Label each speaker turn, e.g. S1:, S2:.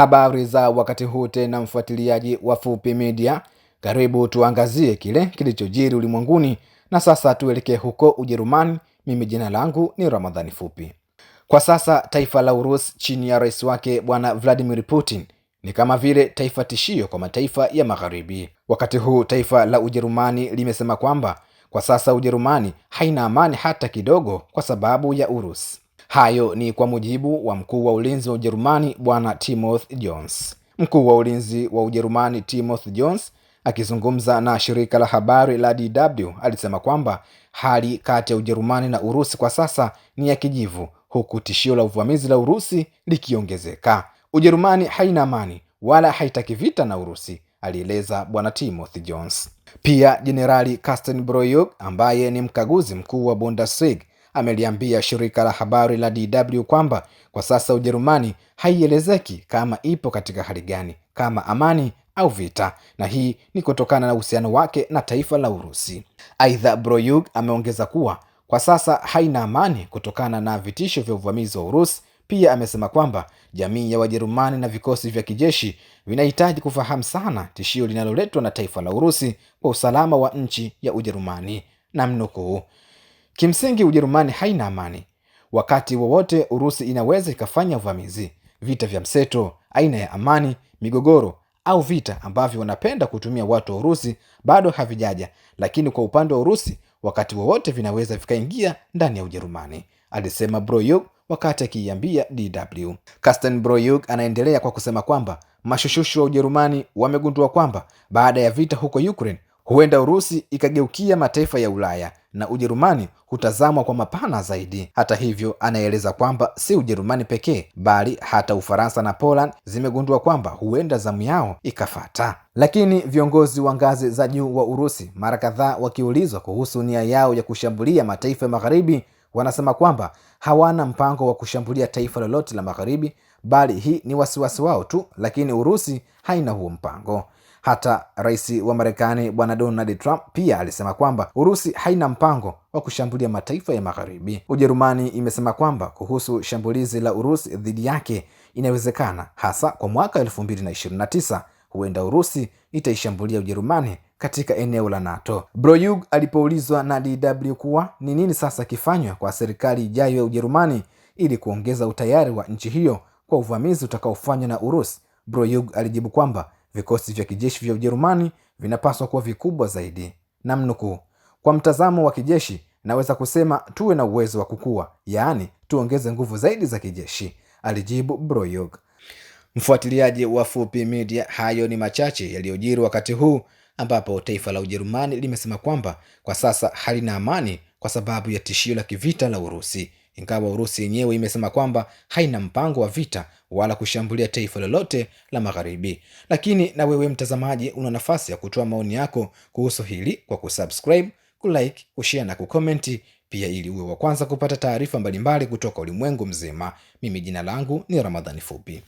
S1: Habari za wakati huu tena, mfuatiliaji wa Fupi Media, karibu tuangazie kile kilichojiri ulimwenguni, na sasa tuelekee huko Ujerumani. Mimi jina langu ni Ramadhani Fupi. Kwa sasa taifa la Urusi chini ya rais wake bwana Vladimir Putin ni kama vile taifa tishio kwa mataifa ya Magharibi. Wakati huu taifa la Ujerumani limesema kwamba kwa sasa Ujerumani haina amani hata kidogo kwa sababu ya Urusi. Hayo ni kwa mujibu wa mkuu wa ulinzi wa Ujerumani Bwana Timothy Jones. Mkuu wa ulinzi wa Ujerumani Timothy Jones akizungumza na shirika la habari la DW alisema kwamba hali kati ya Ujerumani na Urusi kwa sasa ni ya kijivu, huku tishio la uvamizi la Urusi likiongezeka. Ujerumani haina amani wala haitaki vita na Urusi, alieleza Bwana Timothy Jones. Pia Jenerali Carsten Broyog ambaye ni mkaguzi mkuu wa Bundesliga ameliambia shirika la habari la DW kwamba kwa sasa Ujerumani haielezeki kama ipo katika hali gani, kama amani au vita, na hii ni kutokana na uhusiano wake na taifa la Urusi. Aidha, Broyug ameongeza kuwa kwa sasa haina amani kutokana na vitisho vya uvamizi wa Urusi. Pia amesema kwamba jamii ya Wajerumani na vikosi vya kijeshi vinahitaji kufahamu sana tishio linaloletwa na taifa la Urusi kwa usalama wa nchi ya Ujerumani, namnukuu. Kimsingi Ujerumani haina amani. Wakati wowote Urusi inaweza ikafanya uvamizi, vita vya mseto, aina ya amani, migogoro au vita ambavyo wanapenda kutumia watu wa Urusi bado havijaja, lakini kwa upande wa Urusi wakati wowote vinaweza vikaingia ndani ya Ujerumani, alisema Broyug wakati akiiambia DW. Carsten Broyug anaendelea kwa kusema kwamba mashushushu wa Ujerumani wamegundua kwamba baada ya vita huko Ukraine Huenda Urusi ikageukia mataifa ya Ulaya na Ujerumani hutazamwa kwa mapana zaidi. Hata hivyo, anaeleza kwamba si Ujerumani pekee bali hata Ufaransa na Poland zimegundua kwamba huenda zamu yao ikafata. Lakini viongozi wa ngazi za juu wa Urusi mara kadhaa wakiulizwa kuhusu nia yao ya kushambulia mataifa ya Magharibi, wanasema kwamba hawana mpango wa kushambulia taifa lolote la Magharibi, bali hii ni wasiwasi wao tu, lakini Urusi haina huo mpango. Hata rais wa Marekani Bwana Donald Trump pia alisema kwamba Urusi haina mpango wa kushambulia mataifa ya Magharibi. Ujerumani imesema kwamba kuhusu shambulizi la Urusi dhidi yake inawezekana, hasa kwa mwaka 2029 huenda Urusi itaishambulia Ujerumani katika eneo la NATO. Broyug alipoulizwa na DW kuwa ni nini sasa kifanywa kwa serikali ijayo ya Ujerumani ili kuongeza utayari wa nchi hiyo kwa uvamizi utakaofanywa na Urusi, Broyug alijibu kwamba vikosi vya kijeshi vya Ujerumani vinapaswa kuwa vikubwa zaidi. Namnukuu, kwa mtazamo wa kijeshi naweza kusema tuwe na uwezo wa kukua, yaani tuongeze nguvu zaidi za kijeshi, alijibu Broyog. Mfuatiliaji wa Fupi Media, hayo ni machache yaliyojiri wakati huu ambapo taifa la Ujerumani limesema kwamba kwa sasa halina amani kwa sababu ya tishio la kivita la Urusi ingawa Urusi yenyewe imesema kwamba haina mpango wa vita wala kushambulia taifa lolote la Magharibi. Lakini na wewe mtazamaji, una nafasi ya kutoa maoni yako kuhusu hili kwa kusubscribe, kulike, kushare na kukomenti pia, ili uwe wa kwanza kupata taarifa mbalimbali kutoka ulimwengu mzima. Mimi jina langu ni Ramadhani Fupi.